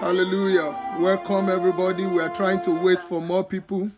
Hallelujah. Welcome, everybody. We are trying to wait for more people.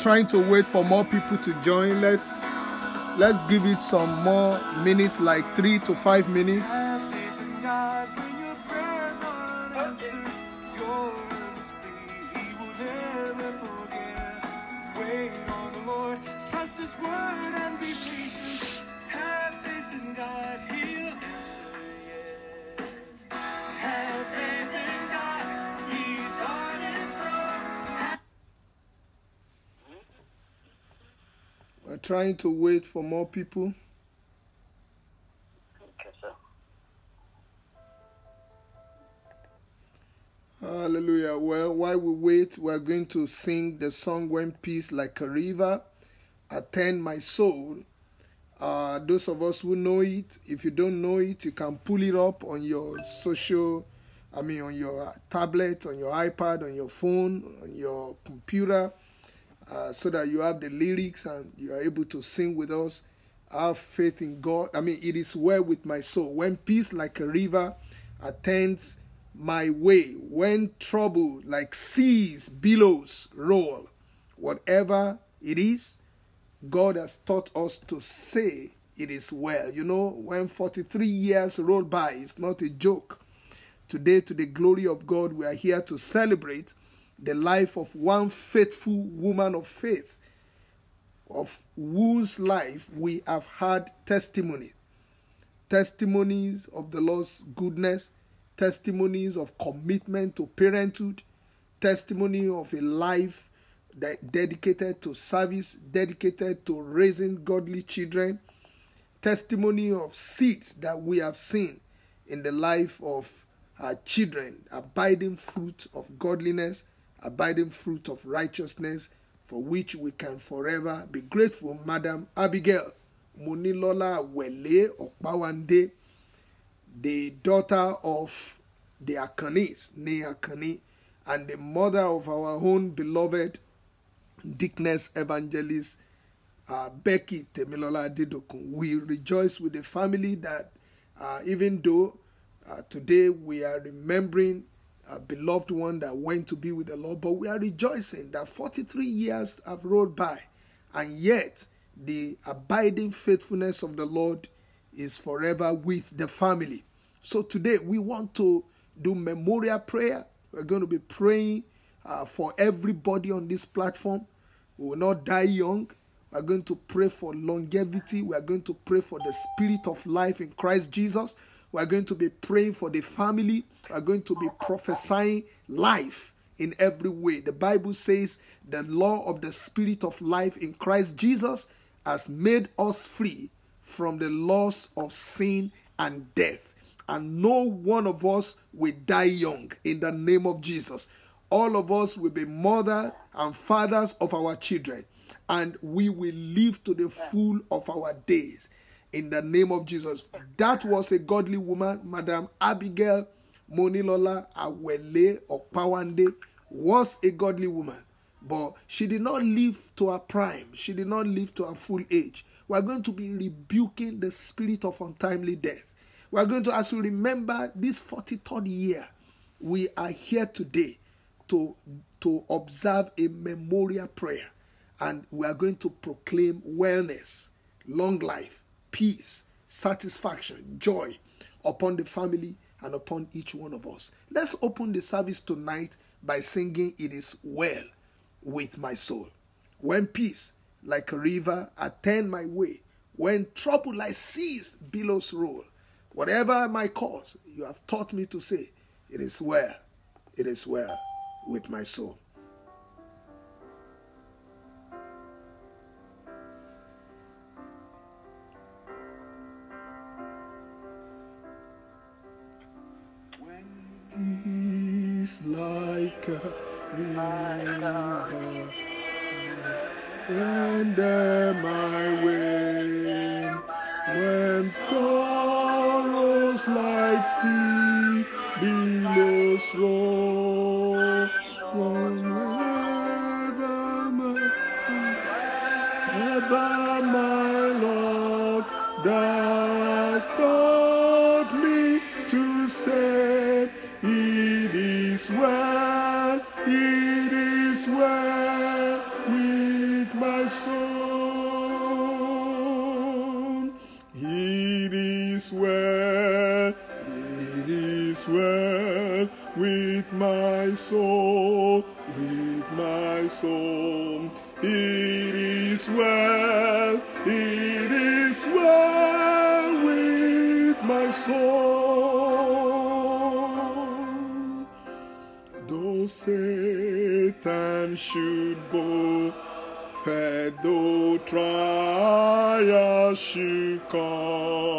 trying to wait for more people to join. Let's let's give it some more minutes, like three to five minutes. trying to wait for more people. Hallelujah. Well, while we wait, we're going to sing the song When Peace Like a River, Attend My Soul. Uh, those of us who know it, if you don't know it, you can pull it up on your social, I mean, on your tablet, on your iPad, on your phone, on your computer uh, so that you have the lyrics and you are able to sing with us. Have faith in God. I mean, it is well with my soul. When peace like a river attends my way, when trouble like seas, billows roll, whatever it is, God has taught us to say it is well. You know, when 43 years roll by, it's not a joke. Today, to the glory of God, we are here to celebrate the life of one faithful woman of faith, of whose life we have had testimony. Testimonies of the Lord's goodness, testimonies of commitment to parenthood, testimony of a life that dedicated to service, dedicated to raising godly children, testimony of seeds that we have seen in the life of our children, abiding fruit of godliness, abiding fruit of righteousness for which we can forever be grateful, Madam Abigail Munilola Wele Okpawande, the daughter of the Akanis, Ne Akani, and the mother of our own beloved Dickness Evangelist uh, Becky Temilola Didokun. We rejoice with the family that uh, even though uh, today we are remembering a beloved one that went to be with the Lord, but we are rejoicing that 43 years have rolled by, and yet the abiding faithfulness of the Lord is forever with the family. So today we want to do memorial prayer. We're going to be praying uh, for everybody on this platform. We will not die young. We're going to pray for longevity. We are going to pray for the spirit of life in Christ Jesus. We are going to be praying for the family. We are going to be prophesying life in every way. The Bible says the law of the spirit of life in Christ Jesus has made us free from the laws of sin and death. And no one of us will die young in the name of Jesus. All of us will be mothers and fathers of our children, and we will live to the full of our days in the name of Jesus. That was a godly woman, Madam Abigail Monilola Awele Okpawande was a godly woman, but she did not live to her prime. She did not live to her full age. We're going to be rebuking the spirit of untimely death. We're going to, as we remember this 43rd year, we are here today to, to observe a memorial prayer and we are going to proclaim wellness, long life, peace, satisfaction, joy upon the family and upon each one of us. Let's open the service tonight by singing It Is Well with My Soul. When peace, like a river, attend my way, when trouble like seas billows roll, whatever my cause, you have taught me to say, It is well, it is well with my soul. river. Render my way when sorrows like sea billows roll. One river, my, ever my Lord, dost taught me to say, it is well. soul, with my soul. It is well, it is well with my soul. Though Satan should go? fed though trials should come.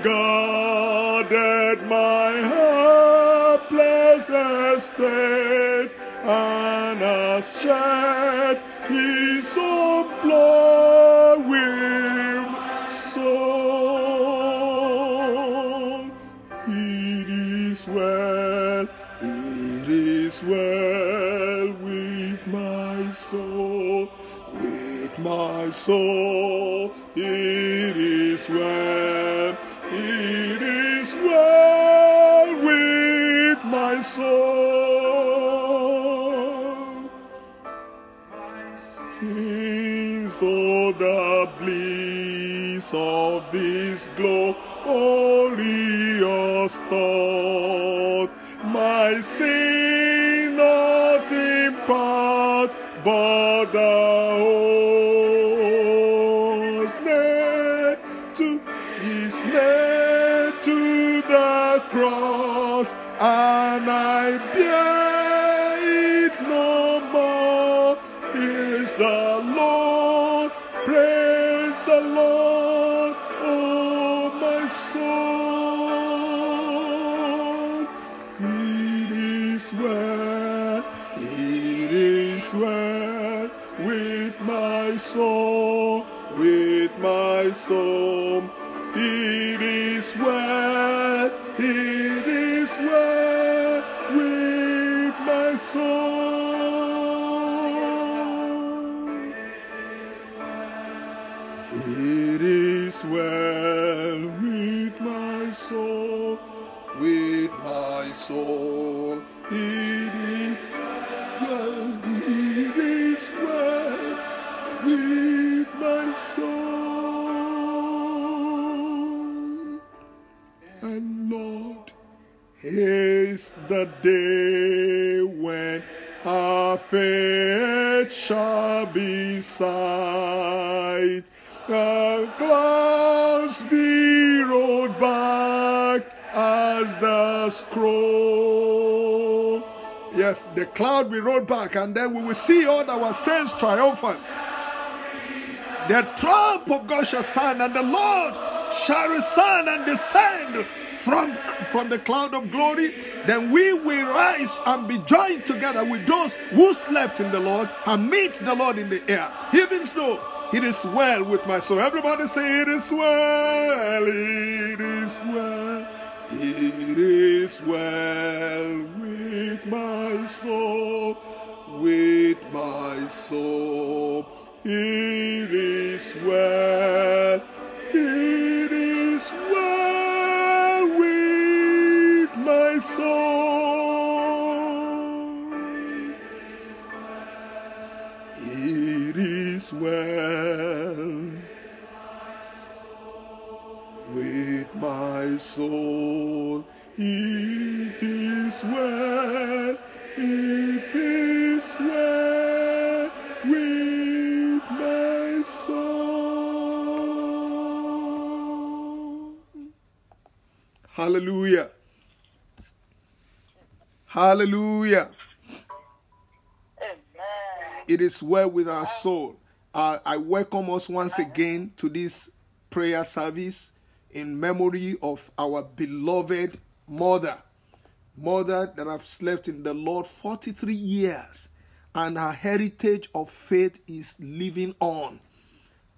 guarded my helpless estate, and has shed his own blood with soul. It is well, it is well with my soul, with my soul. of this glorious thought, my sin not in part, but the whole. the day when our faith shall be sight. The clouds be rolled back as the scroll. Yes, the cloud will roll back, and then we will see all our sins triumphant. The trump of God shall sound, and the Lord shall resound and descend from, from the cloud of glory, then we will rise and be joined together with those who slept in the Lord and meet the Lord in the air. Even so, it is well with my soul. Everybody say, It is well, it is well, it is well with my soul, with my soul. It is well. well with my soul. It is well, it is well with my soul. Hallelujah. Hallelujah. Amen. It is well with our soul. Uh, I welcome us once again to this prayer service in memory of our beloved mother. Mother that have slept in the Lord 43 years, and her heritage of faith is living on.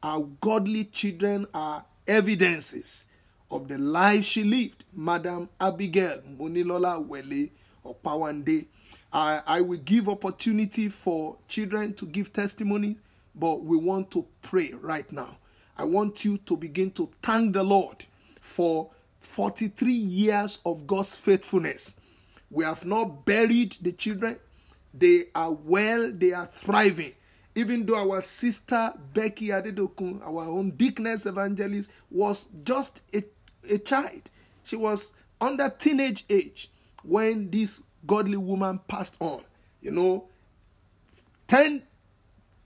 Our godly children are evidences of the life she lived. Madam Abigail Munilola Wele Opawande. I, I will give opportunity for children to give testimony but we want to pray right now. I want you to begin to thank the Lord for 43 years of God's faithfulness. We have not buried the children, they are well, they are thriving. Even though our sister Becky Adedokun, our own Dickness evangelist, was just a, a child, she was under teenage age when this godly woman passed on. You know, 10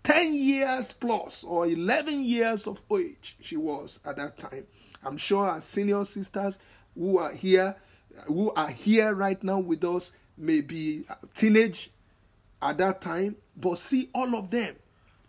10 years plus or 11 years of age she was at that time. I'm sure our senior sisters who are here who are here right now with us may be teenage at that time, but see all of them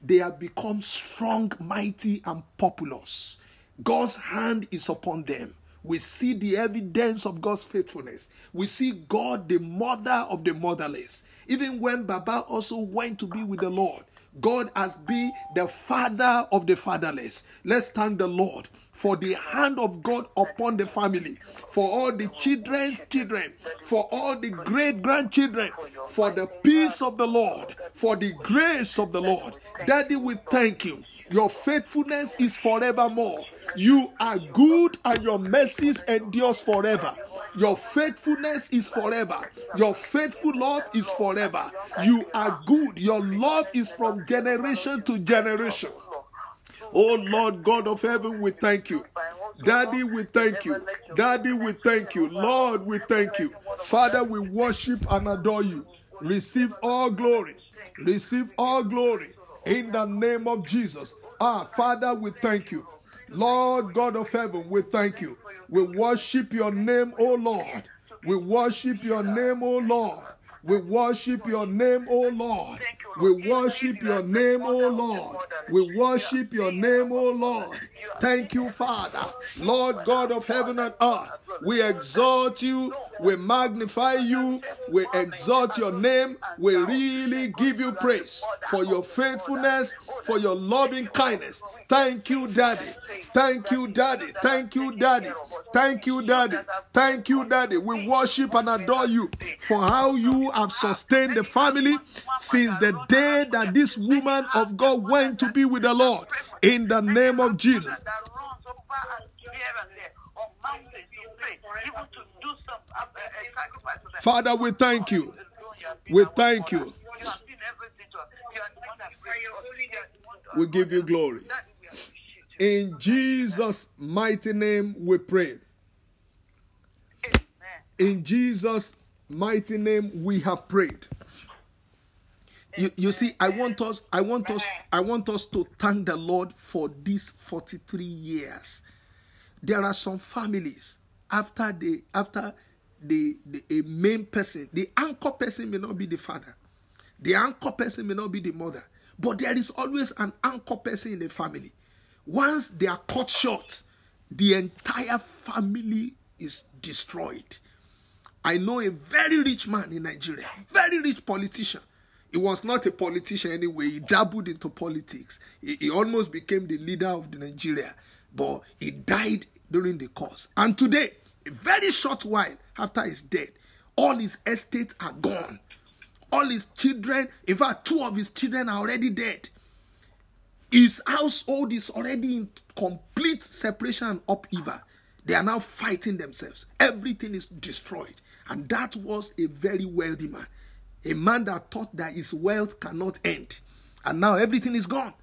they have become strong, mighty and populous. God's hand is upon them. We see the evidence of God's faithfulness. We see God, the mother of the motherless. Even when Baba also went to be with the Lord, God has been the father of the fatherless. Let's thank the Lord for the hand of God upon the family, for all the children's children, for all the great grandchildren, for the peace of the Lord, for the grace of the Lord. Daddy, we thank you. Your faithfulness is forevermore. You are good and your mercies endures forever. Your faithfulness is forever. Your faithful love is forever. You are good. Your love is from generation to generation. Oh Lord God of heaven, we thank you. Daddy, we thank you. Daddy, we thank you. Lord, we thank you. Father, we worship and adore you. Receive all glory. Receive all glory in the name of Jesus. Ah, Father, we thank you. Lord God of heaven, we thank you. We worship your name, O Lord. We worship your name, O Lord. We worship your name, O Lord. We worship your name, O Lord. We worship your name, O Lord. Thank you, Father. Lord God of heaven and earth, we exalt you. We magnify you. We exalt your name. We really give you praise for your faithfulness, for your loving kindness. Thank you, Daddy. Thank you, Daddy. Thank you, Daddy. Thank you, Daddy. Thank you, Daddy. We worship and adore you for how you have sustained the family since the day that this woman of God went to be with the Lord. In the name of Jesus. Father, we thank you. We thank you. We give you glory. In Jesus' mighty name we pray. In Jesus' mighty name we have prayed. You, you see, I want us, I want us, I want us to thank the Lord for these 43 years. There are some families after the after the, the a main person, the anchor person may not be the father, the anchor person may not be the mother, but there is always an anchor person in the family. Once they are cut short, the entire family is destroyed. I know a very rich man in Nigeria, very rich politician. He was not a politician anyway. He dabbled into politics. He, he almost became the leader of the Nigeria, but he died during the course. And today, a very short while after his death, all his estates are gone. All his children, in fact, two of his children are already dead. His household is already in complete separation and upheaval. They are now fighting themselves. Everything is destroyed. And that was a very wealthy man. A man that thought that his wealth cannot end. And now everything is gone.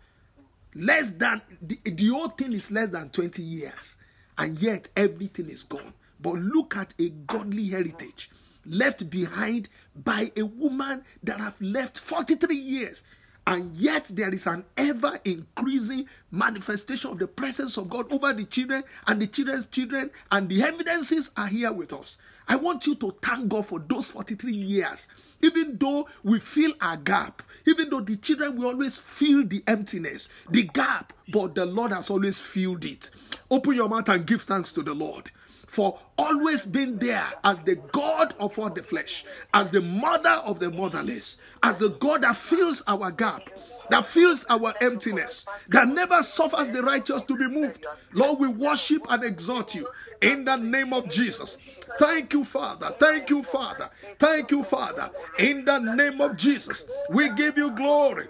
Less than, the, the old thing is less than 20 years. And yet everything is gone. But look at a godly heritage left behind by a woman that have left 43 years and yet there is an ever increasing manifestation of the presence of God over the children and the children's children, and the evidences are here with us. I want you to thank God for those 43 years. Even though we fill a gap, even though the children will always feel the emptiness, the gap, but the Lord has always filled it. Open your mouth and give thanks to the Lord for always being there as the God of all the flesh, as the mother of the motherless, as the God that fills our gap, that fills our emptiness, that never suffers the righteous to be moved. Lord, we worship and exalt you in the name of Jesus. Thank you, Father. Thank you, Father. Thank you, Father. In the name of Jesus, we give you glory.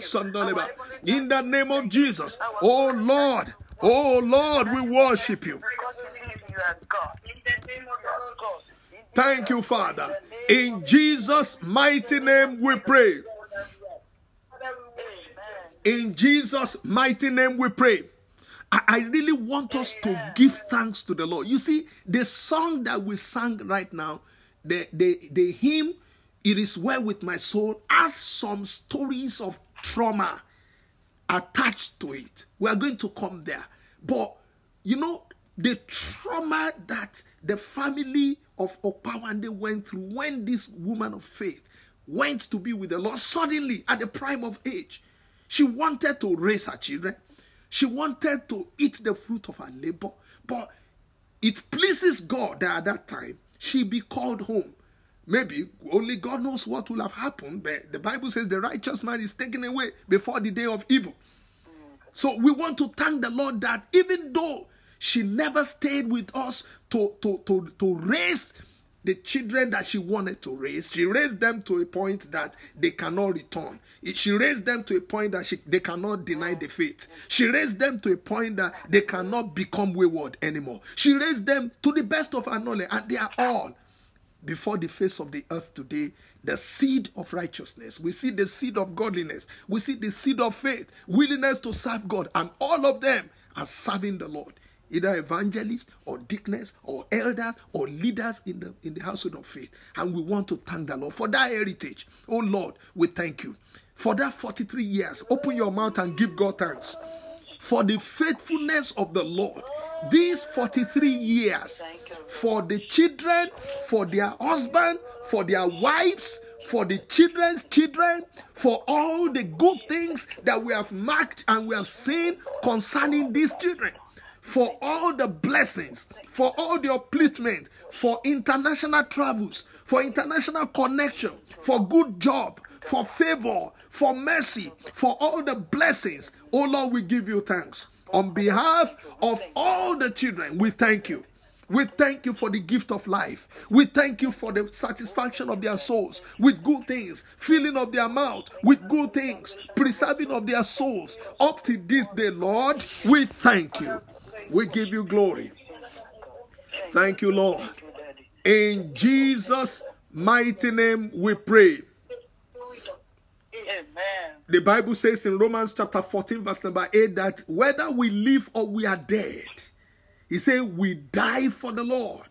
sandaleba. In the name of Jesus, oh Lord. Oh Lord, we worship you. Thank you, Father. In Jesus' mighty name we pray. In Jesus' mighty name we pray. I, I really want us to give thanks to the Lord. You see, the song that we sang right now, the, the, the hymn, It Is Well With My Soul, has some stories of trauma attached to it. We are going to come there. But you know, the trauma that the family of Opawande went through when this woman of faith went to be with the Lord suddenly at the prime of age. She wanted to raise her children. She wanted to eat the fruit of her labor. But it pleases God that at that time she be called home. Maybe only God knows what will have happened, but the Bible says the righteous man is taken away before the day of evil. So we want to thank the Lord that even though she never stayed with us to, to, to, to raise the children that she wanted to raise, she raised them to a point that they cannot return. She raised them to a point that she, they cannot deny the faith. She raised them to a point that they cannot become wayward anymore. She raised them to the best of her knowledge, and they are all before the face of the earth today the seed of righteousness. We see the seed of godliness. We see the seed of faith, willingness to serve God. And all of them are serving the Lord, either evangelists or deacons or elders or leaders in the, in the household of faith. And we want to thank the Lord for that heritage. Oh Lord, we thank you. For that 43 years, open your mouth and give God thanks. For the faithfulness of the Lord these 43 years for the children, for their husband, for their wives, for the children's children, for all the good things that we have marked and we have seen concerning these children, for all the blessings, for all the upliftment, for international travels, for international connection, for good job, for favor, for mercy, for all the blessings. Oh Lord, we give you thanks on behalf of all the children, we thank you. We thank you for the gift of life. We thank you for the satisfaction of their souls with good things, filling of their mouth with good things, preserving of their souls. Up to this day, Lord, we thank you. We give you glory. Thank you, Lord. In Jesus' mighty name, we pray. The Bible says in Romans chapter 14, verse number 8, that whether we live or we are dead, he said, we die for the Lord.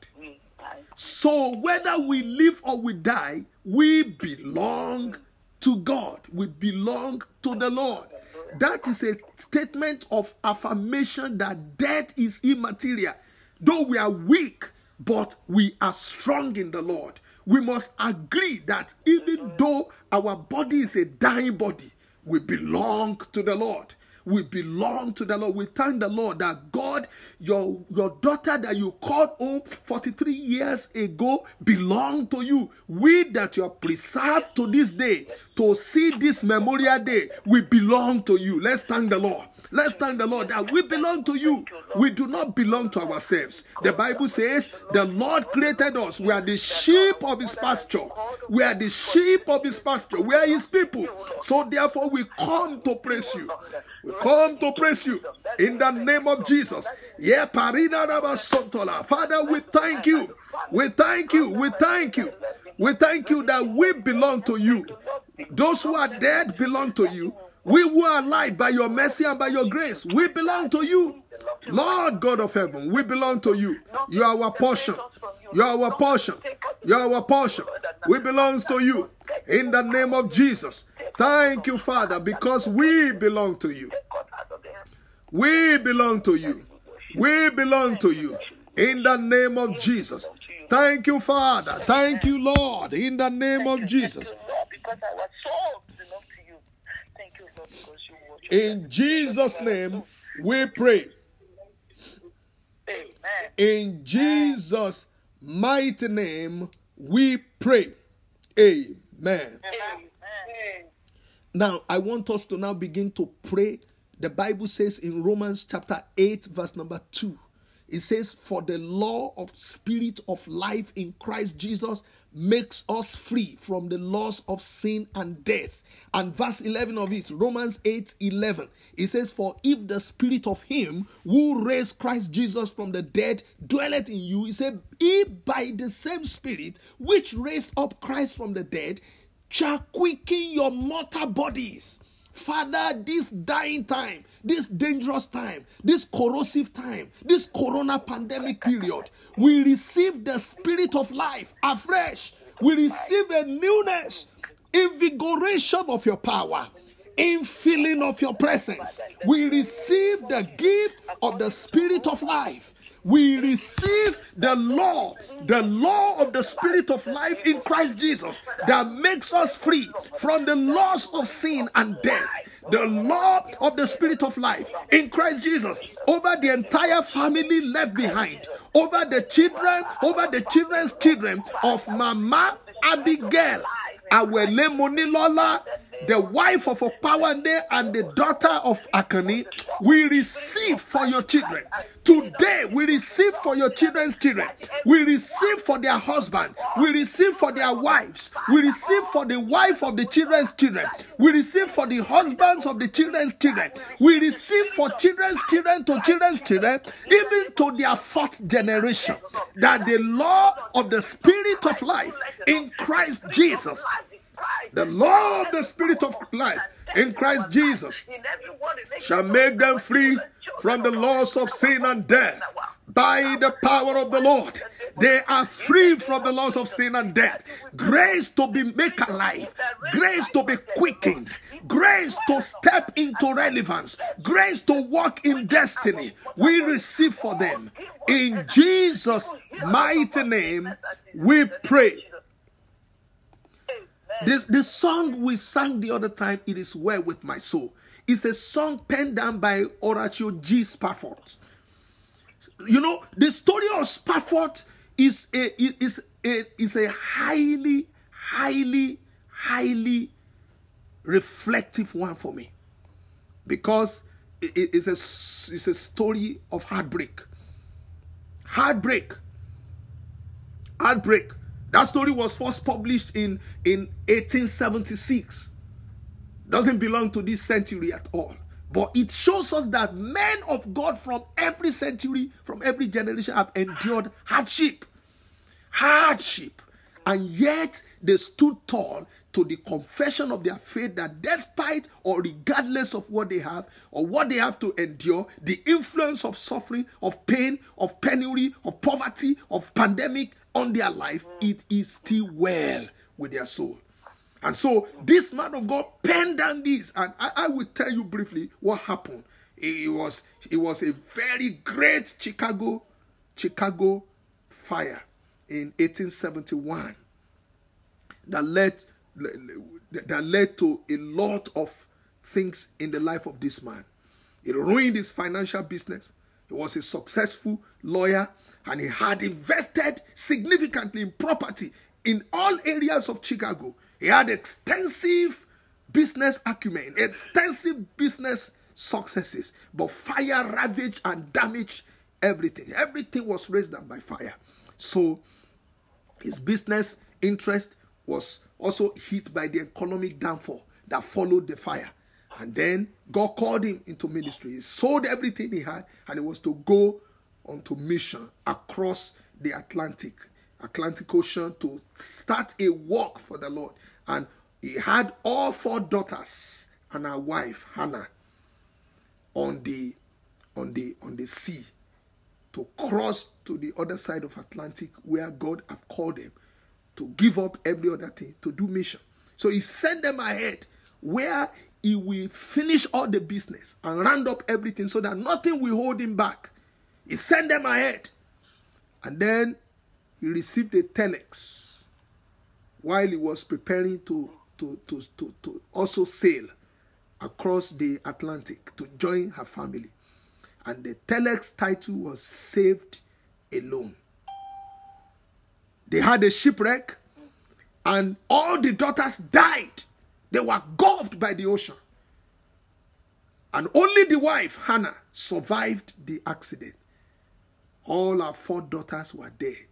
So whether we live or we die, we belong to God. We belong to the Lord. That is a statement of affirmation that death is immaterial. Though we are weak, but we are strong in the Lord. We must agree that even though our body is a dying body, we belong to the Lord. We belong to the Lord. We thank the Lord that God, your, your daughter that you called home 43 years ago, belong to you. We that you are preserved to this day, to see this memorial day, we belong to you. Let's thank the Lord. Let's thank the Lord that we belong to you. We do not belong to ourselves. The Bible says, The Lord created us. We are the sheep of his pasture. We are the sheep of his pasture. We are his people. So therefore, we come to praise you. We come to praise you in the name of Jesus. Yeah, Father, we thank you. We thank you. We thank you. We thank you that we belong to you. Those who are dead belong to you. We were alive by your mercy and by your grace. We belong to you. Lord God of heaven, we belong to you. You are our portion. You are our portion. You are our portion. We belong to you. In the name of Jesus. Thank you, Father, because we belong to you. We belong to you. We belong to you. In the name of Jesus. Thank you, Father. Thank you, Lord. In the name of Jesus. Because in Jesus' name, we pray. In Jesus' mighty name, we pray. Amen. Now, I want us to now begin to pray. The Bible says in Romans chapter 8, verse number 2, it says, For the law of spirit of life in Christ Jesus makes us free from the laws of sin and death. And verse 11 of it, Romans 8 11, it says, For if the spirit of him who raised Christ Jesus from the dead dwelleth in you, he said, if by the same spirit which raised up Christ from the dead shall quicken your mortal bodies Father, this dying time, this dangerous time, this corrosive time, this corona pandemic period, we receive the spirit of life afresh. We receive a newness, invigoration of your power, infilling of your presence. We receive the gift of the spirit of life we receive the law, the law of the spirit of life in Christ Jesus that makes us free from the laws of sin and death. The law of the spirit of life in Christ Jesus over the entire family left behind, over the children, over the children's children of Mama Abigail Awele Monilola the wife of Opawande and the daughter of Akani, we receive for your children. Today, we receive for your children's children. We receive for their husband. We receive for their wives. We receive for the wife of the children's children. We receive for the husbands of the children's children. We receive for children's children to children's children, even to their fourth generation. That the law of the spirit of life in Christ Jesus the law of the spirit of life in Christ Jesus shall make them free from the laws of sin and death. By the power of the Lord, they are free from the laws of sin and death. Grace to be made alive, grace to be quickened, grace to step into relevance, grace to walk in destiny. We receive for them. In Jesus' mighty name, we pray. This, the song we sang the other time, It Is Well With My Soul, It's a song penned down by Horatio G. Spafford. You know, the story of Spafford is a, is a, is a highly, highly, highly reflective one for me because it is a, it's a story of heartbreak. Heartbreak. Heartbreak. That story was first published in, in 1876. Doesn't belong to this century at all. But it shows us that men of God from every century, from every generation, have endured hardship. Hardship. And yet they stood tall to the confession of their faith that despite or regardless of what they have or what they have to endure, the influence of suffering, of pain, of penury, of poverty, of pandemic, on their life, it is still well with their soul. And so this man of God penned down this, and I, I will tell you briefly what happened. It, it, was it was a very great Chicago Chicago fire in 1871 that led that led to a lot of things in the life of this man. It ruined his financial business. He was a successful lawyer and he had invested significantly in property in all areas of Chicago. He had extensive business acumen, extensive business successes, but fire ravaged and damaged everything. Everything was raised down by fire. So his business interest was also hit by the economic downfall that followed the fire. And then God called him into ministry. He sold everything he had and he was to go onto mission across the Atlantic, Atlantic Ocean to start a work for the Lord. And he had all four daughters and her wife Hannah on the on the on the sea to cross to the other side of Atlantic where God have called them to give up every other thing to do mission. So he sent them ahead where he will finish all the business and round up everything so that nothing will hold him back. He sent them ahead. And then he received a telex while he was preparing to, to, to, to, to also sail across the Atlantic to join her family. And the telex title was Saved Alone. They had a shipwreck, and all the daughters died. They were gulfed by the ocean. And only the wife, Hannah, survived the accident all her four daughters were dead.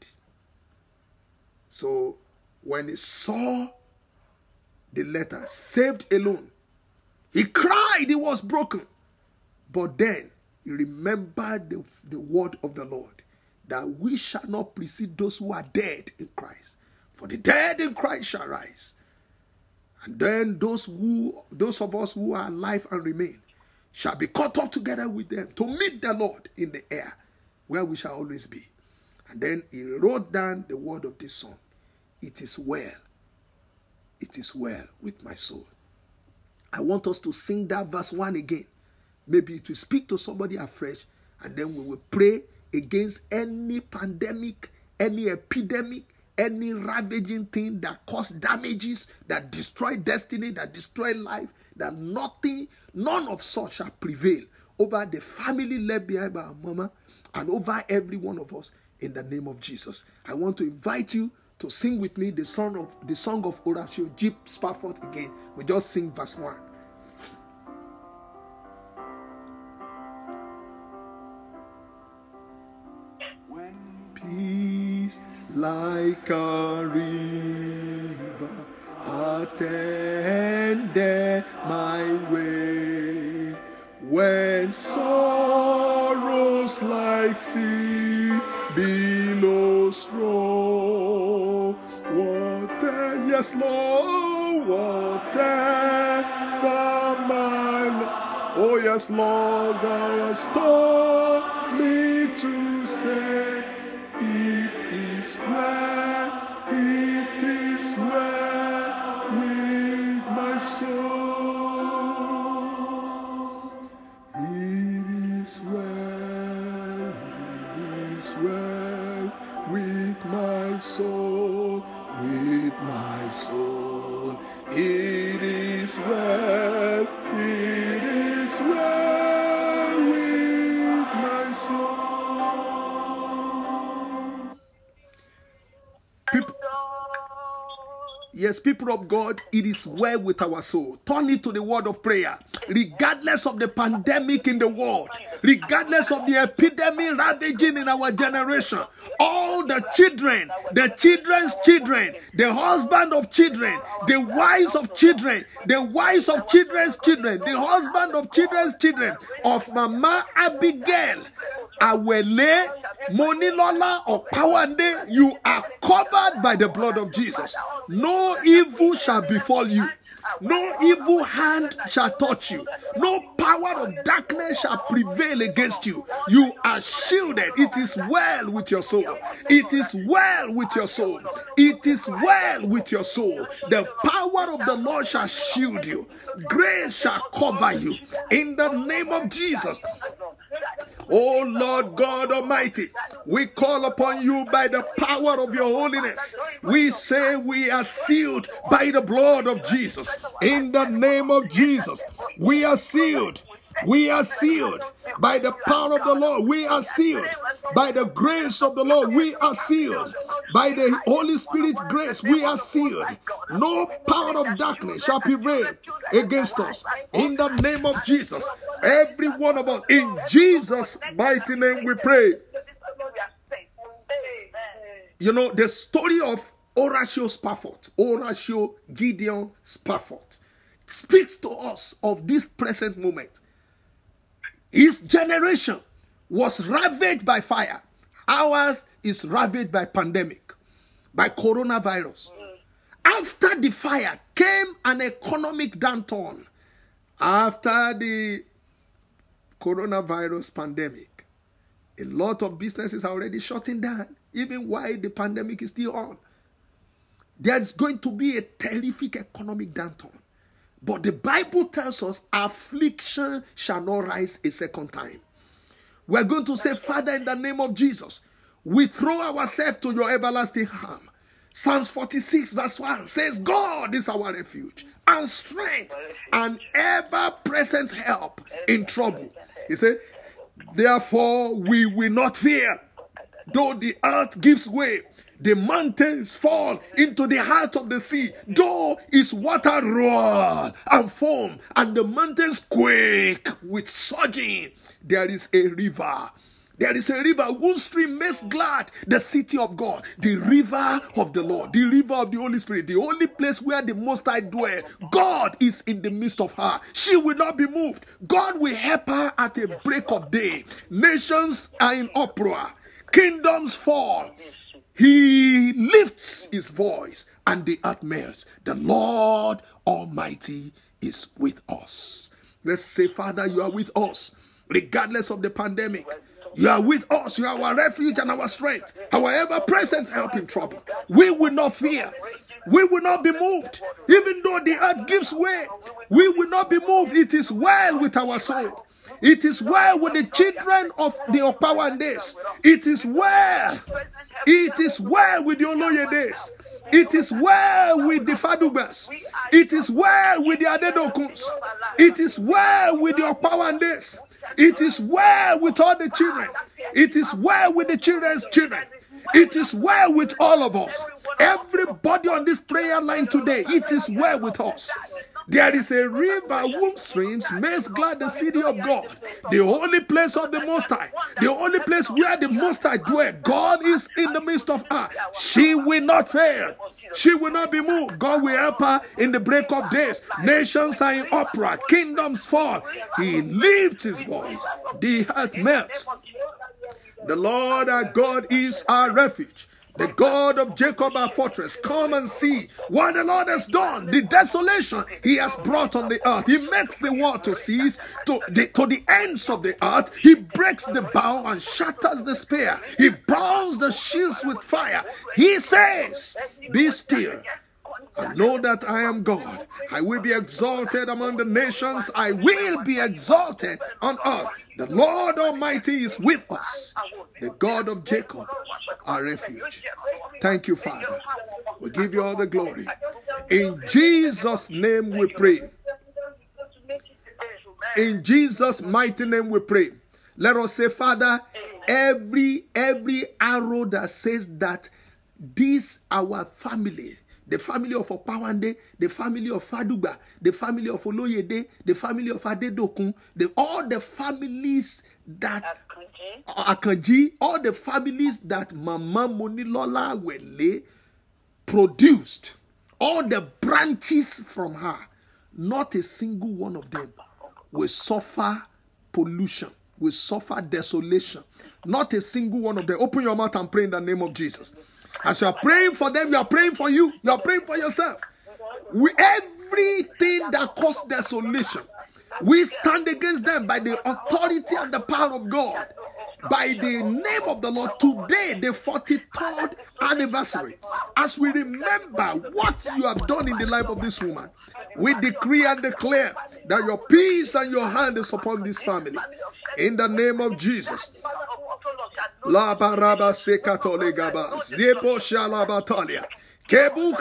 So when he saw the letter, saved alone, he cried, he was broken. But then he remembered the, the word of the Lord that we shall not precede those who are dead in Christ. For the dead in Christ shall rise. And then those who those of us who are alive and remain shall be caught up together with them to meet the Lord in the air where we shall always be. And then he wrote down the word of this song It is well. It is well with my soul. I want us to sing that verse one again. Maybe to speak to somebody afresh, and then we will pray against any pandemic, any epidemic, any ravaging thing that cause damages, that destroy destiny, that destroy life, that nothing, none of such shall prevail over the family left behind by our mama, and over every one of us in the name of Jesus. I want to invite you to sing with me the song of the song of Horatio Jeep Spafford again. We just sing verse 1. Peace like a river attended my way when just like sea billows roll, water. Yes, Lord, water the man, Oh, yes, Lord, thou hast taught me to say it is well. Yes, people of God, it is well with our soul. Turn it to the word of prayer. Regardless of the pandemic in the world, regardless of the epidemic ravaging in our generation, all the children, the children's children, the husband of children, the wives of children, the wives of children's children, the husband of children's children, of Mama Abigail, Awele, Monilola, or Pawande, you are covered by the blood of Jesus. No evil shall befall you. No evil hand shall touch you. No power of darkness shall prevail against you. You are shielded. It is well with your soul. It is well with your soul. It is well with your soul. The power of the Lord shall shield you. Grace shall cover you. In the name of Jesus. Oh Lord God Almighty, we call upon you by the power of your holiness. We say we are sealed by the blood of Jesus. In the name of Jesus, we are sealed we are sealed by the power of the Lord. We are sealed by the grace of the Lord. We are sealed by the Holy Spirit's grace. We are sealed. No power of darkness shall prevail against us. In the name of Jesus, every one of us, in Jesus' mighty name, we pray. You know, the story of Horatio Spafford, Horatio Gideon Spafford, speaks to us of this present moment his generation was ravaged by fire. Ours is ravaged by pandemic, by coronavirus. After the fire came an economic downturn. After the coronavirus pandemic, a lot of businesses are already shutting down, even while the pandemic is still on. There's going to be a terrific economic downturn. But the Bible tells us affliction shall not rise a second time. We're going to say, Father, in the name of Jesus, we throw ourselves to your everlasting arm. Psalms 46, verse 1 says, God is our refuge and strength and ever present help in trouble. He said, Therefore, we will not fear, though the earth gives way the mountains fall into the heart of the sea, though its water roar and foam, and the mountains quake with surging. There is a river. There is a river whose stream makes glad the city of God, the river of the Lord, the river of the Holy Spirit, the only place where the Most High dwell. God is in the midst of her. She will not be moved. God will help her at a break of day. Nations are in uproar, kingdoms fall. He lifts his voice and the earth melts. The Lord Almighty is with us. Let's say, Father, you are with us, regardless of the pandemic. You are with us. You are our refuge and our strength, our ever present help in trouble. We will not fear. We will not be moved. Even though the earth gives way, we will not be moved. It is well with our soul. It is well with the children of the Okawan days. It is well. It is well with the Oloye days. It is well with the Fadubas. It is well with the Adedokuns. It is well with the Okawan days. It is well with all the children. It is well with the children's children. It is well with all of us. Everybody on this prayer line today, it is well with us. There is a river whose streams makes glad the city of God, the holy place of the Most High, the only place where the Most High dwells. God is in the midst of her. She will not fail. She will not be moved. God will help her in the break of days. Nations are in uproar, kingdoms fall. He lifts his voice, the earth melts. The Lord our God is our refuge the God of Jacob, our fortress. Come and see what the Lord has done, the desolation he has brought on the earth. He makes the war to cease to the, to the ends of the earth. He breaks the bow and shatters the spear. He burns the shields with fire. He says, Be still Know that I am God. I will be exalted among the nations. I will be exalted on earth. The Lord Almighty is with us. The God of Jacob, our refuge. Thank you, Father. We give you all the glory. In Jesus' name we pray. In Jesus' mighty name we pray. Let us say, Father, every every arrow that says that this our family the family of Opawande, the family of Faduba, the family of Oloyede, the family of Adedokun, the, all the families that Akanji, all the families that Mama Monilola Wele produced, all the branches from her, not a single one of them will suffer pollution, will suffer desolation. Not a single one of them. Open your mouth and pray in the name of Jesus. As you are praying for them, you are praying for you, you are praying for yourself. We, everything that caused desolation, we stand against them by the authority and the power of God by the name of the Lord today, the 43rd anniversary, as we remember what you have done in the life of this woman, we decree and declare that your peace and your hand is upon this family. In the name of Jesus. La zebo shalabatalia. In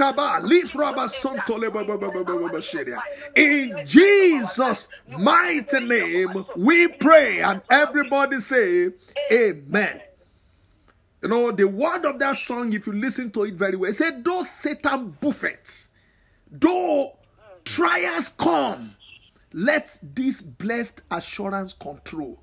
Jesus' mighty name, we pray, and everybody say, Amen. You know, the word of that song, if you listen to it very well, it said, Though Satan buffets, though trials come, let this blessed assurance control.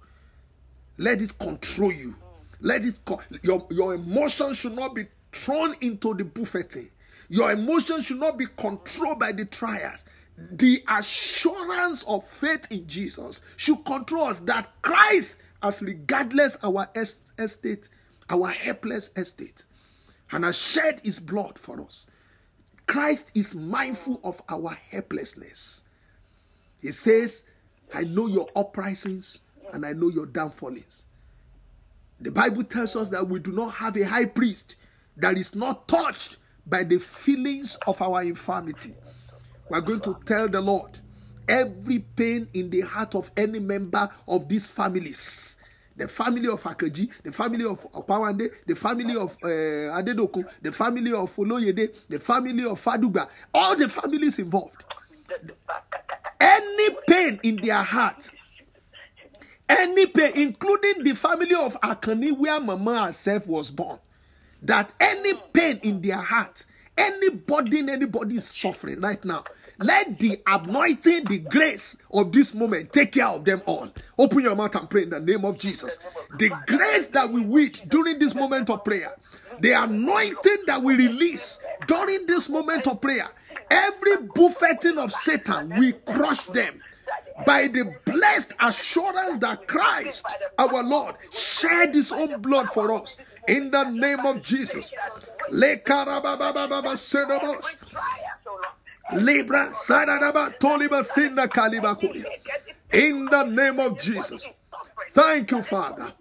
Let it control you. Let it co- your, your emotions should not be thrown into the buffeting your emotions should not be controlled by the trials. The assurance of faith in Jesus should control us that Christ has regardless our estate, our helpless estate, and has shed his blood for us. Christ is mindful of our helplessness. He says, I know your uprisings and I know your downfallings. The Bible tells us that we do not have a high priest that is not touched by the feelings of our infirmity. We are going to tell the Lord every pain in the heart of any member of these families. The family of Akaji, the family of Opawande, the family of uh, Adedoku, the family of Oloyede, the family of Faduga, all the families involved. Any pain in their heart, any pain, including the family of Akani, where Mama herself was born that any pain in their heart, anybody, anybody is suffering right now, let the anointing, the grace of this moment take care of them all. Open your mouth and pray in the name of Jesus. The grace that we wish during this moment of prayer, the anointing that we release during this moment of prayer, every buffeting of Satan, we crush them by the blessed assurance that Christ, our Lord, shed his own blood for us. In the name of Jesus. Libra In the name of Jesus. Thank you, Father.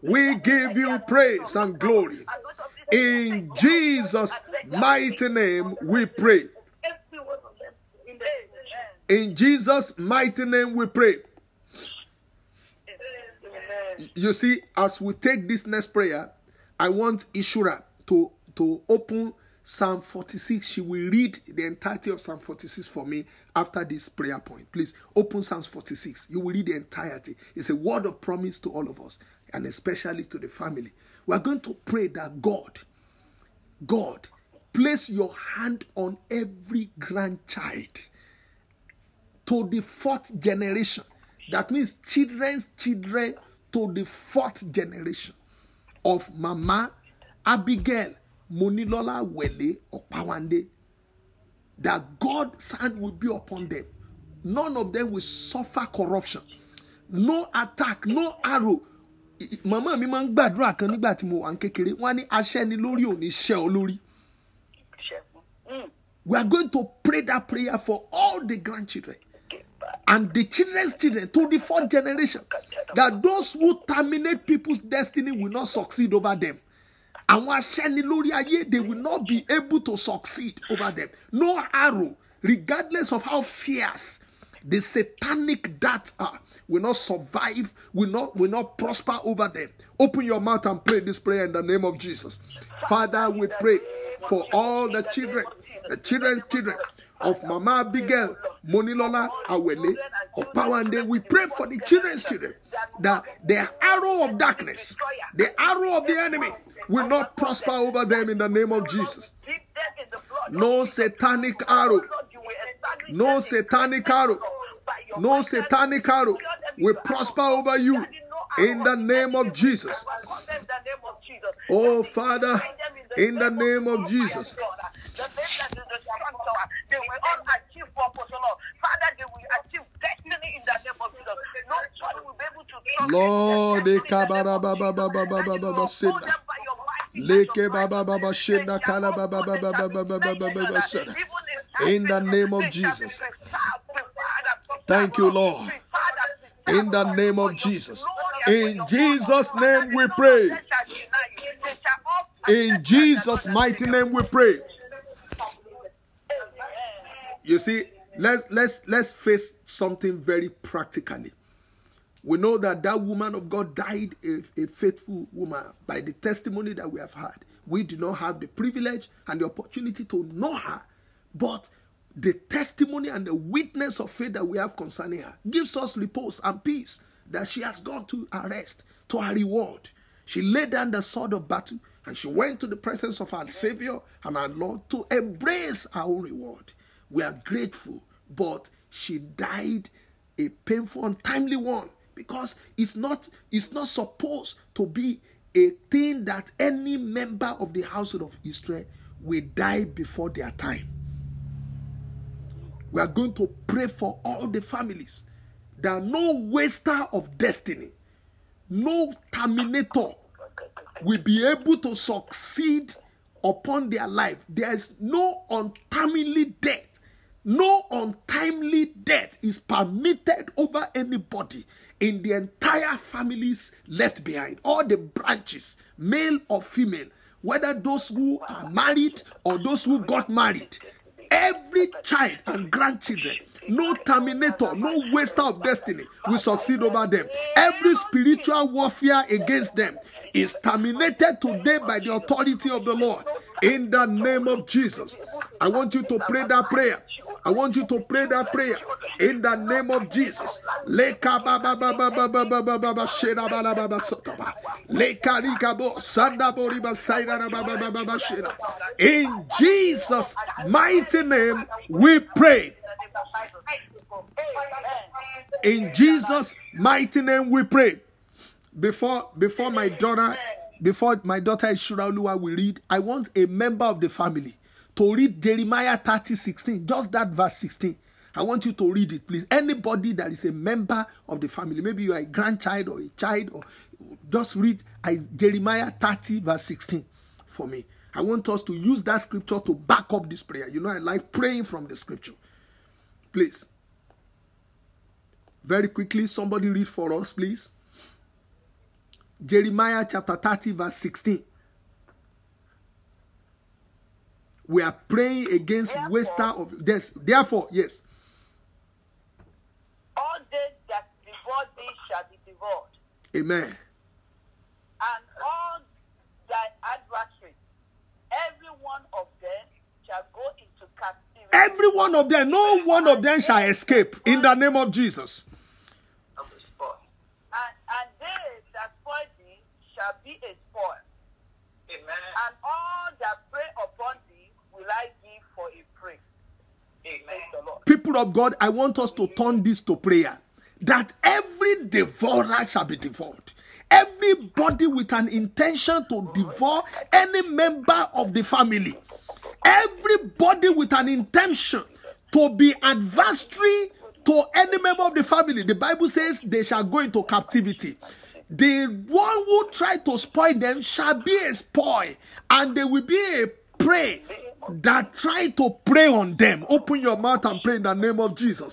We give you praise and glory. In Jesus' mighty name, we pray. In Jesus' mighty name we pray. You see, as we take this next prayer, I want Ishura to, to open Psalm 46. She will read the entirety of Psalm 46 for me after this prayer point. Please open Psalm 46. You will read the entirety. It's a word of promise to all of us, and especially to the family. We are going to pray that God, God, place your hand on every grandchild to the fourth generation. That means children's children to the fourth generation of Mama Abigail Monilola Wele Opawande. That God's hand will be upon them. None of them will suffer corruption. No attack, no arrow. Màmá mi máa ń gbàdúrà kan nígbà tí mo wà ń kékeré. Wọ́n á ní aṣẹ́ni lórí òní ṣẹ́ lori. Hmm. We are going to pray that prayer for all the grandchildren and the children's children to the fourth generation that those who terminate people's destiny will not succeed over them. And aṣẹ́ni lórí ayé they will not be able to succeed over them. No arrow regardless of how fierce the satanic that are will not survive, will not will not prosper over them. Open your mouth and pray this prayer in the name of Jesus. Father, we pray for all the children, the children's children, of Mama Abigail Monilola Awele Opawande. We pray for the children's children that the arrow of darkness, the arrow of the enemy, will not prosper over them in the name of Jesus. No satanic arrow, no satanic arrow, no satanic arrow will prosper over you in the name of Jesus. Oh, Father, in the name of Jesus. They will all achieve Lord. Father, they will achieve ba in the name of Jesus. ba child will ba ba ba ba Lord, they kabara ba ba ba ba ba ba ba ba shinna In the name of Jesus. Thank you, Lord in the name of Jesus. In Jesus' name we pray. In Jesus' mighty name we pray. You see, let's let's let's face something very practically. We know that that woman of God died a, a faithful woman by the testimony that we have had. We do not have the privilege and the opportunity to know her, but the testimony and the witness of faith that we have concerning her gives us repose and peace that she has gone to her rest, to her reward. She laid down the sword of battle and she went to the presence of our Savior and our Lord to embrace our own reward. We are grateful, but she died a painful and timely one because it's not it's not supposed to be a thing that any member of the household of Israel will die before their time. We are going to pray for all the families. There are no waster of destiny, no terminator will be able to succeed upon their life. There is no untimely death. No untimely death is permitted over anybody in the entire families left behind, all the branches, male or female, whether those who are married or those who got married, Every child and grandchildren, no terminator, no waster of destiny will succeed over them. Every spiritual warfare against them is terminated today by the authority of the Lord. In the name of Jesus, I want you to pray that prayer. I want you to pray that prayer in the name of Jesus. In Jesus' mighty name, we pray. In Jesus' mighty name, we pray. Before before my daughter, before my daughter Ishura Lua will read, I want a member of the family to read Jeremiah 30 16, just that verse 16. I want you to read it, please. Anybody that is a member of the family, maybe you are a grandchild or a child, or just read Jeremiah 30, verse 16 for me. I want us to use that scripture to back up this prayer. You know, I like praying from the scripture. Please. Very quickly, somebody read for us, please. Jeremiah chapter 30, verse 16. We are praying against therefore, waster of this. Therefore, yes. All they that devour thee shall be devoured. Amen. And all thy adversaries, every one of them shall go into captivity. Every one of them, no one of them shall escape in the name of Jesus. And, and they that spoil thee shall be a spoil. Amen. And all that prey upon will I give for a Amen. People of God, I want us to turn this to prayer that every devourer shall be devoured. Everybody with an intention to devour any member of the family. Everybody with an intention to be adversary to any member of the family. The Bible says they shall go into captivity. The one who try to spoil them shall be a spoil, and they will be a prey that try to pray on them. Open your mouth and pray in the name of Jesus.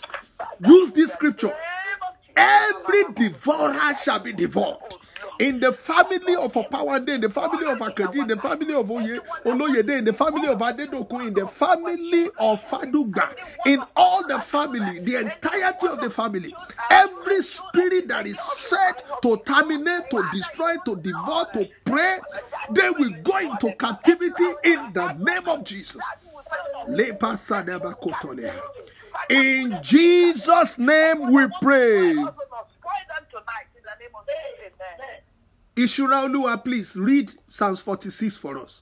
Use this scripture. Every devourer shall be devoured in the family of Opawande, in the family of Akeji, in the family of Oye, Oloyede, in the family of Adedoku, in the family of Faduga, in all the family, the entirety of the family, every spirit that is set to terminate, to destroy, to devour, to pray, they will go into captivity in the name of Jesus. In Jesus' name we pray. Ishura Oluwa, please read Psalms 46 for us.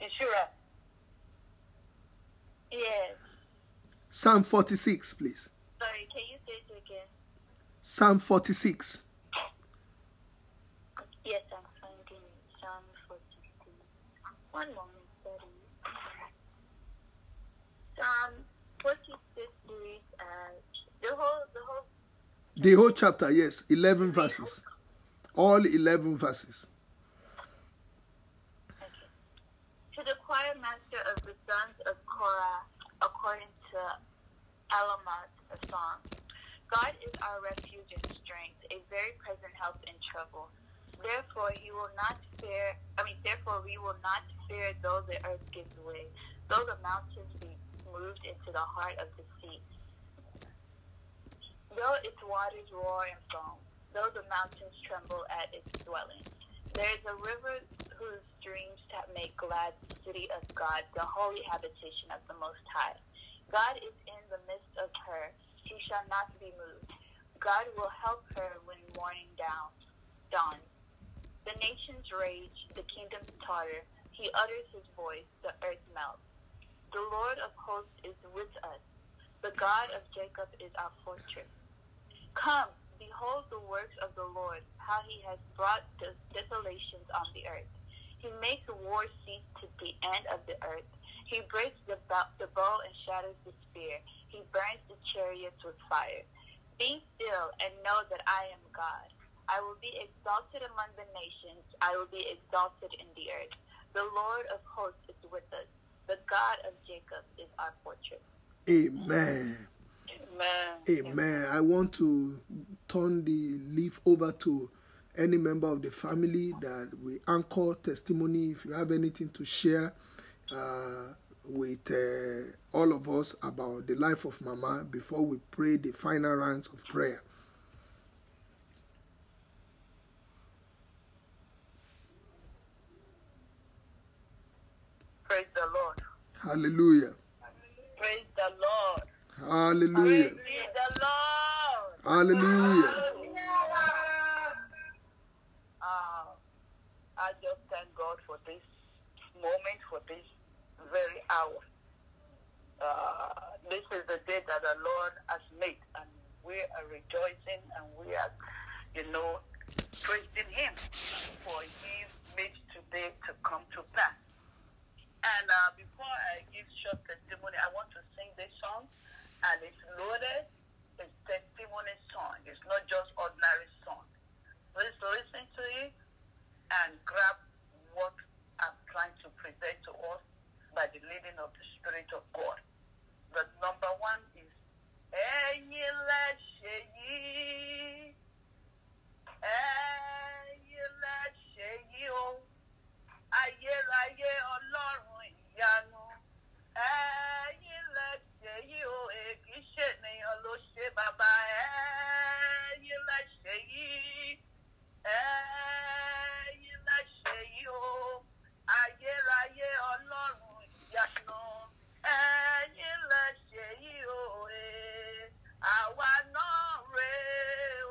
Ishura. Yes. Psalm 46, please. Sorry, can you say it again? Psalm 46. Yes, I'm finding Psalm 46. One more. um, Portuguese series, uh, the whole, the whole. The whole chapter, yes, eleven verses, all eleven verses. Okay. To the choir master of the sons of Korah, according to Elamot, a song. God is our refuge and strength, a very present help in trouble. Therefore, he will not fear. I mean, therefore we will not fear though the earth gives way, though the mountains be moved into the heart of the sea. Though its waters roar and foam, though the mountains tremble at its dwelling, there is a river whose streams make glad the city of God, the holy habitation of the Most High. God is in the midst of her. She shall not be moved. God will help her when morning down, dawns. The nations rage, the kingdoms totter. He utters his voice, the earth melts. The Lord of hosts is with us. The God of Jacob is our fortress. Come, behold the works of the Lord, how he has brought desolations on the earth. He makes war cease to the end of the earth. He breaks the, the bow and shatters the spear. He burns the chariots with fire. Be still and know that I am God. I will be exalted among the nations. I will be exalted in the earth. The Lord of hosts is with us. The God of Jacob is our fortress. Amen. Amen. Amen. I want to turn the leaf over to any member of the family that we anchor testimony. If you have anything to share uh, with uh, all of us about the life of Mama before we pray the final rounds of prayer. Praise the Lord. Hallelujah. Praise the Lord. Hallelujah. Praise the Lord. Hallelujah. Uh, I just thank God for this moment, for this very hour. Uh, this is the day that the Lord has made, and we are rejoicing and we are, you know, praising Him for He made today to come to pass. And uh, before I give short testimony, I want to sing this song, and it's loaded. It's testimony song. It's not just ordinary song. Please listen to it and grab what I'm trying to present to us by the leading of the Spirit of God. The number one is ẹ̀yin lẹ ṣe yìí ọlọ́run ìyanu ẹ̀yin lẹ yìí o èkì ṣènìyàn ló ṣe bàbá ẹ̀yin lẹ yìí ẹ̀yin lẹ yìí o ayérayé ọlọ́run ìyanu ẹ̀yin lẹ yìí àwa náà rèé.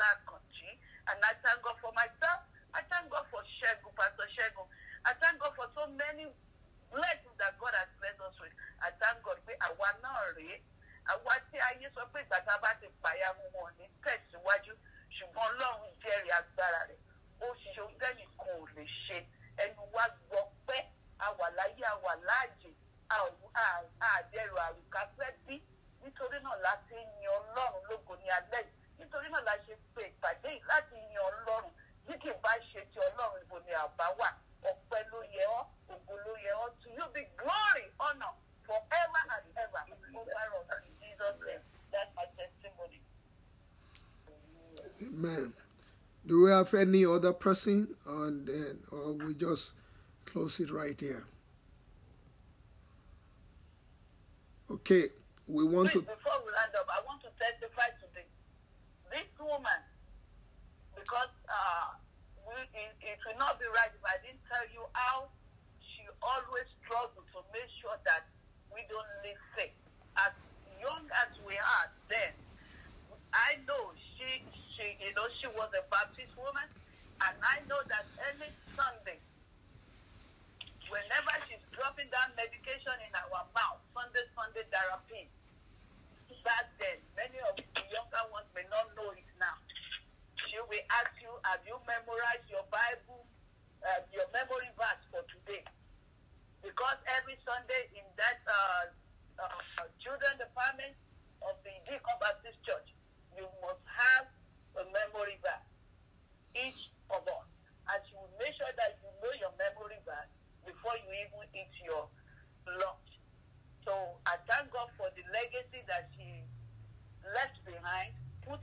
particular country, and that's how have any other person, and then or uh, we just close it right here. Okay, we want to.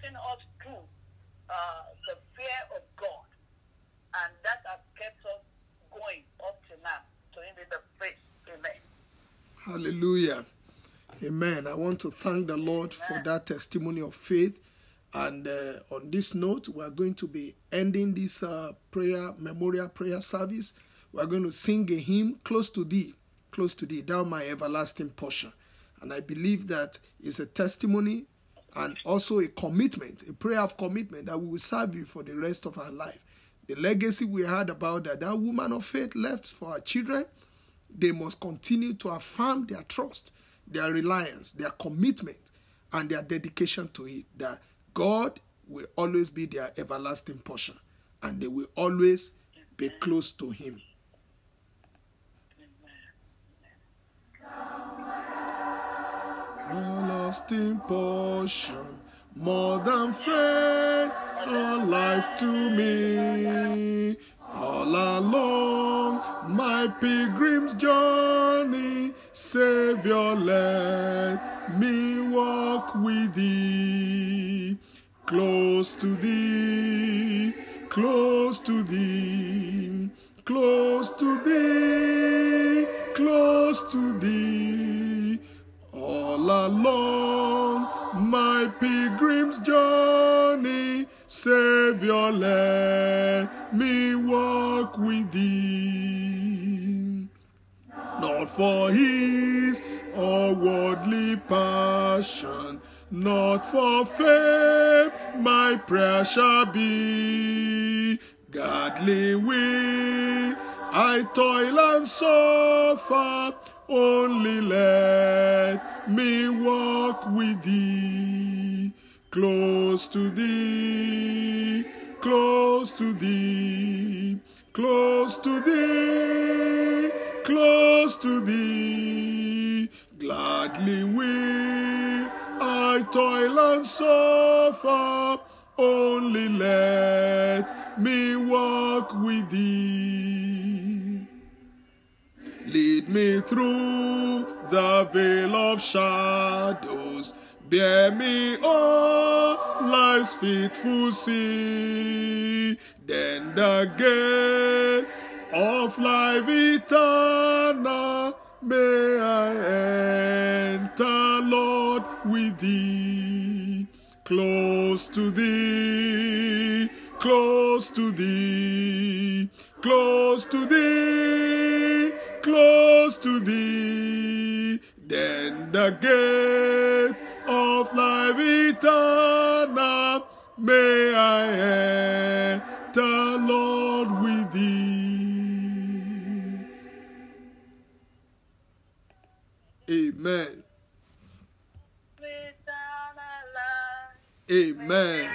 us through uh, the fear of God. And that has kept us going up to now. To him be the praise. Amen. Hallelujah. Amen. I want to thank the Lord Amen. for that testimony of faith. And uh, on this note, we are going to be ending this uh, prayer, memorial prayer service. We are going to sing a hymn, Close to Thee, Close to Thee, Thou My Everlasting Portion. And I believe that is a testimony and also a commitment, a prayer of commitment that we will serve you for the rest of our life. The legacy we heard about that that woman of faith left for her children, they must continue to affirm their trust, their reliance, their commitment, and their dedication to it. That God will always be their everlasting portion, and they will always be close to Him. Amen everlasting portion, more than friend or life to me. All along my pilgrim's journey, Savior, let me walk with thee, close to thee, close to thee, close to thee, close to thee along my pilgrim's journey. Savior, let me walk with thee. Not for his or worldly passion, not for fame, my prayer shall be. Godly will, I toil and suffer, only let may walk with thee, close to thee, close to thee, close to thee, close to thee. Gladly will I toil and suffer, only let me walk with thee. Lead me through the veil of shadows. Bear me on life's faithful sea. Then the gate of life eternal may I enter, Lord, with thee. Close to thee, close to thee, close to thee close to thee, then the gate of life eternal may I enter, Lord, with thee. Amen. Amen.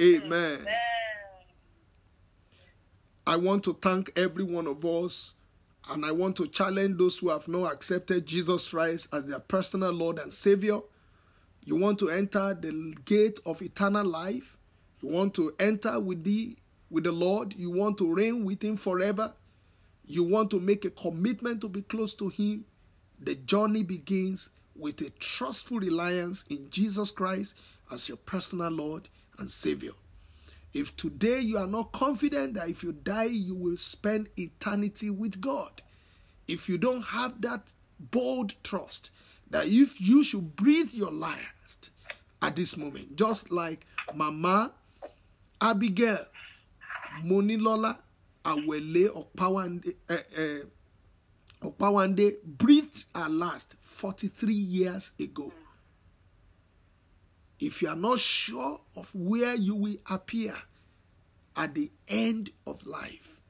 Amen. I want to thank every one of us and I want to challenge those who have not accepted Jesus Christ as their personal Lord and Savior. You want to enter the gate of eternal life. You want to enter with the with the Lord. You want to reign with him forever. You want to make a commitment to be close to him. The journey begins with a trustful reliance in Jesus Christ as your personal Lord and Savior. If today you are not confident that if you die, you will spend eternity with God, if you don't have that bold trust that if you should breathe your last at this moment, just like Mama Abigail Monilola Awele Okpawande, uh, eh, uh, eh, Okpawande breathed her last 43 years ago if you are not sure of where you will appear at the end of life,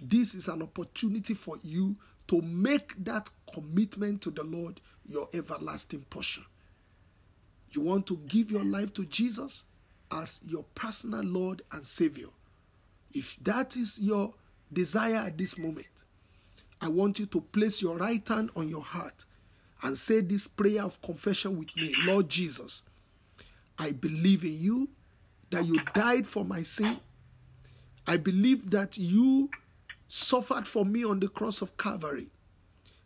this is an opportunity for you to make that commitment to the Lord your everlasting portion. You want to give your life to Jesus as your personal Lord and Savior. If that is your desire at this moment, I want you to place your right hand on your heart and say this prayer of confession with me Lord Jesus, I believe in you, that you died for my sin. I believe that you suffered for me on the cross of Calvary.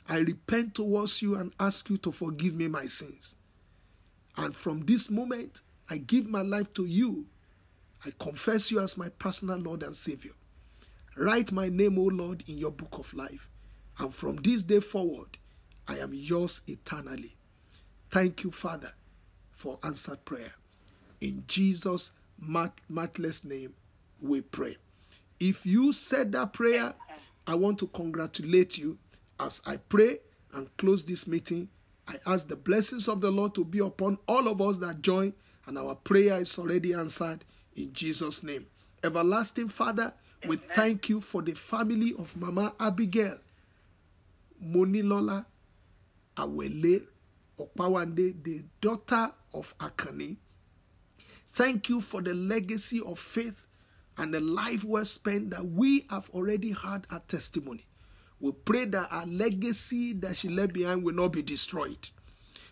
I repent towards you and ask you to forgive me my sins. And from this moment, I give my life to you. I confess you as my personal Lord and Savior. Write my name, O Lord, in your book of life. And from this day forward, I am yours eternally. Thank you, Father, for answered prayer. In Jesus' matchless name, we pray. If you said that prayer, I want to congratulate you as I pray and close this meeting. I ask the blessings of the Lord to be upon all of us that join, and our prayer is already answered in Jesus' name. Everlasting Father, we thank you for the family of Mama Abigail, Monilola Awele Opawande, the daughter of Akani, Thank you for the legacy of faith and the life well spent that we have already had a testimony. We pray that our legacy that she left behind will not be destroyed.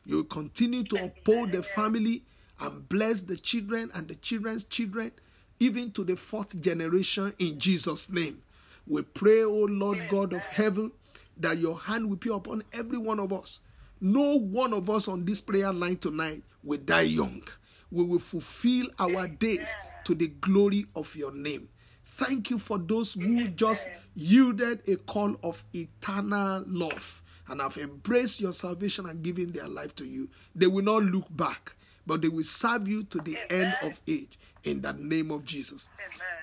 You continue to uphold the family and bless the children and the children's children, even to the fourth generation in Jesus' name. We pray, O Lord God of heaven, that your hand will be upon every one of us. No one of us on this prayer line tonight will die young we will fulfill our days to the glory of your name. Thank you for those who just yielded a call of eternal love and have embraced your salvation and given their life to you. They will not look back, but they will serve you to the end of age in the name of Jesus.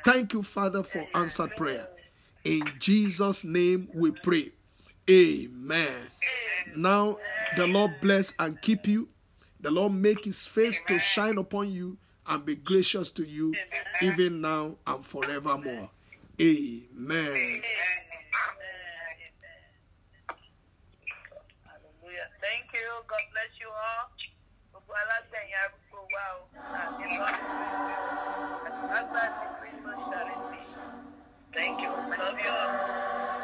Thank you, Father, for answered prayer. In Jesus' name we pray. Amen. Now, the Lord bless and keep you. The Lord make his face Amen. to shine upon you and be gracious to you, Amen. even now and forevermore. Amen. Amen. Thank you. God bless you all. Thank you. Love you all.